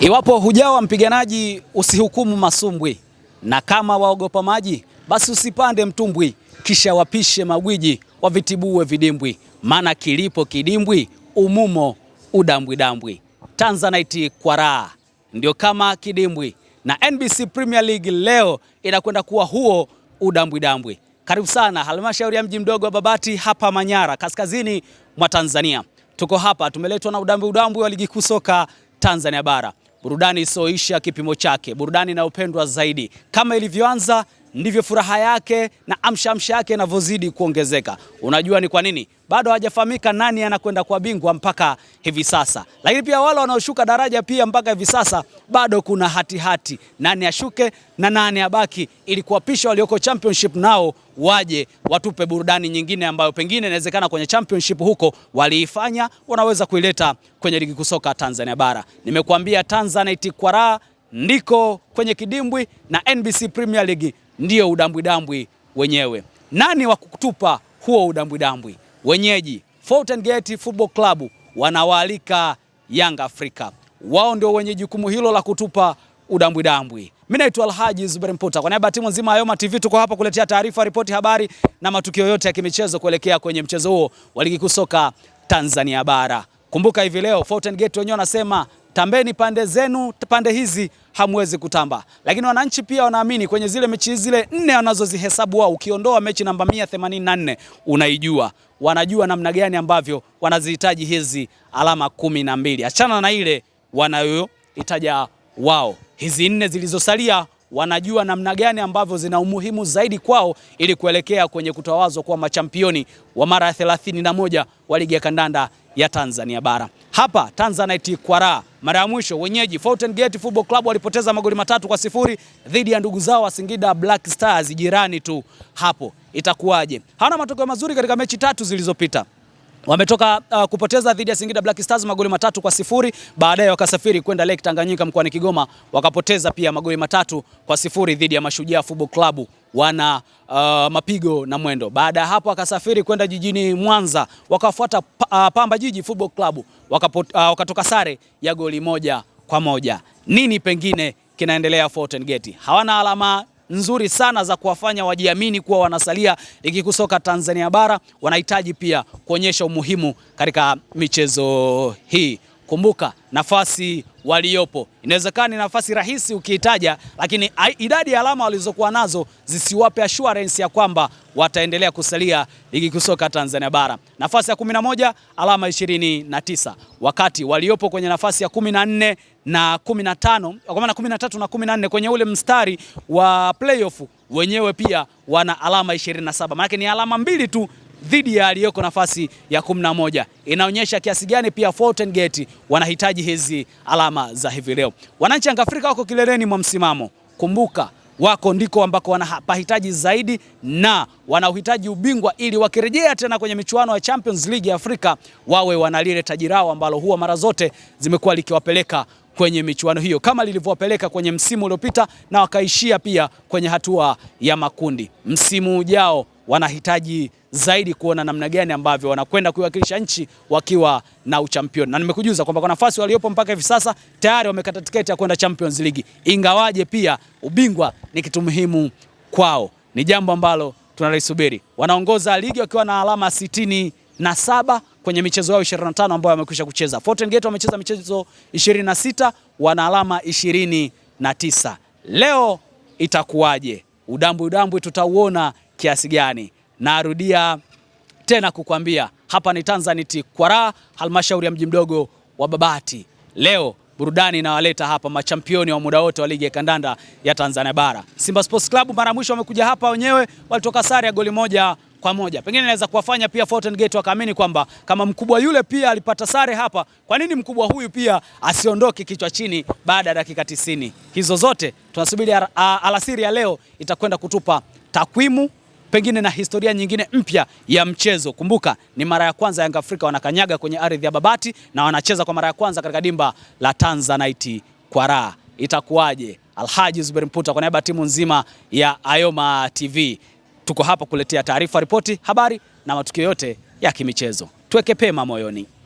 Iwapo hujawa mpiganaji, usihukumu masumbwi, na kama waogopa maji, basi usipande mtumbwi, kisha wapishe magwiji, wavitibue vidimbwi, maana kilipo kidimbwi umumo udambwidambwi. Tanzanite kwa raha ndio kama kidimbwi, na NBC Premier League leo inakwenda kuwa huo udambwidambwi. Karibu sana halmashauri ya mji mdogo wa Babati hapa Manyara, kaskazini mwa Tanzania. Tuko hapa tumeletwa na udambwi udambwi wa ligi kuu soka Tanzania bara burudani isiyoisha kipimo chake, burudani inayopendwa zaidi kama ilivyoanza ndivyo furaha yake na amshamsha yake inavyozidi kuongezeka. Unajua ni kwa nini? Bado hajafahamika nani anakwenda kwa bingwa mpaka hivi sasa, lakini pia wale wanaoshuka daraja pia mpaka hivi sasa bado kuna hatihati hati. Nani ashuke na nani abaki, ili kuwapisha walioko championship nao waje watupe burudani nyingine ambayo pengine inawezekana kwenye championship huko waliifanya, wanaweza kuileta kwenye ligi kusoka Tanzania bara. Nimekuambia Tanzanite kwa raha ndiko kwenye kidimbwi na NBC Premier League ndio udambwidambwi wenyewe. Nani wa kutupa huo udambwidambwi? Wenyeji Fountain Gate Football Club wanawaalika Young Africa, wao ndio wenye jukumu hilo la kutupa udambwidambwi. Mimi naitwa Alhaji Zuberi Mputa, kwa niaba ya timu nzima ya TV tuko hapa kuletea taarifa, ripoti, habari na matukio yote ya kimichezo kuelekea kwenye mchezo huo wa ligi kuu soka Tanzania bara. Kumbuka hivi leo Fountain Gate wenyewe wanasema tambeni pande zenu, pande hizi hamwezi kutamba. Lakini wananchi pia wanaamini kwenye zile mechi zile nne wanazozihesabu wao, ukiondoa mechi namba 184 unaijua, wanajua namna gani ambavyo wanazihitaji hizi alama kumi na mbili, achana na ile wanayoitaja wao. Hizi nne zilizosalia wanajua namna gani ambavyo zina umuhimu zaidi kwao ili kuelekea kwenye kutawazwa kuwa machampioni wa mara ya thelathini na moja wa ligi ya kandanda ya Tanzania bara. Hapa Tanzanite Kwaraa mara ya mwisho wenyeji Fountain Gate Football Club walipoteza magoli matatu kwa sifuri dhidi ya ndugu zao wa Singida Black Stars jirani tu hapo. Itakuwaje? Hana matokeo mazuri katika mechi tatu zilizopita. Wametoka uh, kupoteza dhidi ya Singida Black Stars magoli matatu kwa sifuri. Baadaye wakasafiri kwenda Lake Tanganyika mkoani Kigoma wakapoteza pia magoli matatu kwa sifuri dhidi ya Mashujaa Football Club wana uh, mapigo na mwendo. Baada ya hapo wakasafiri kwenda jijini Mwanza wakafuata uh, Pamba Jiji Football Club wakapot, uh, wakatoka sare ya goli moja kwa moja. Nini pengine kinaendelea Fountain Gate? Hawana alama nzuri sana za kuwafanya wajiamini kuwa wanasalia ligi kuu soka Tanzania bara, wanahitaji pia kuonyesha umuhimu katika michezo hii. Kumbuka nafasi waliopo, inawezekana ni nafasi rahisi ukiitaja, lakini idadi ya alama walizokuwa nazo zisiwape assurance ya kwamba wataendelea kusalia ligi kusoka Tanzania bara. Nafasi ya 11 alama 29, wakati waliopo kwenye nafasi ya 14 na 15, kwa maana 13 na 14 kwenye ule mstari wa playoff wenyewe pia wana alama 27, maana ni alama mbili tu dhidi ya aliyoko nafasi ya kumi na moja. Inaonyesha kiasi gani pia Fountain Gate wanahitaji hizi alama za hivi leo. Wananchi wa Afrika wako kileleni mwa msimamo, kumbuka wako ndiko ambako wanapahitaji zaidi na wanauhitaji ubingwa ili wakirejea tena kwenye michuano ya Champions League ya Afrika wawe wanalile taji lao ambalo huwa mara zote zimekuwa likiwapeleka kwenye michuano hiyo kama lilivyowapeleka kwenye msimu uliopita na wakaishia pia kwenye hatua ya makundi. Msimu ujao wanahitaji zaidi kuona namna gani ambavyo wanakwenda kuiwakilisha nchi wakiwa na uchampioni, na nimekujuza kwamba kwa nafasi waliopo mpaka hivi sasa tayari wamekata tiketi ya kwenda Champions League, ingawaje pia ubingwa ni kitu muhimu kwao, ni jambo ambalo tunalisubiri. Wanaongoza ligi wakiwa na alama sitini na saba kwenye michezo yao 25 ambayo wamekwisha kucheza. Fountain wamecheza michezo 26, wana alama 29. Leo itakuwaje? Udambu udambu tutauona kiasi gani? Narudia tena kukwambia hapa ni Tanzanite kwa raha, halmashauri ya mji mdogo wa Babati. Leo burudani inawaleta hapa machampioni wa muda wote wa ligi ya kandanda ya Tanzania bara. Simba Sports Club mara mwisho wamekuja hapa wenyewe, walitoka sare ya goli moja kwa moja. Pengine inaweza kuwafanya pia Fountain Gate wakaamini kwamba kama mkubwa yule pia alipata sare hapa, kwa nini mkubwa huyu pia asiondoke kichwa chini baada ya dakika tisini? Hizo zote tunasubiri alasiri ya leo itakwenda kutupa takwimu pengine na historia nyingine mpya ya mchezo. Kumbuka ni mara ya kwanza Yanga Afrika wanakanyaga kwenye ardhi ya Babati na wanacheza kwa mara ya kwanza katika dimba la Tanzanite kwa raha. Itakuwaje? Alhaji Zuberi Mputa kwa niaba ya timu nzima ya Ayoma TV tuko hapa kuletea taarifa, ripoti, habari na matukio yote ya kimichezo. Tuweke pema moyoni.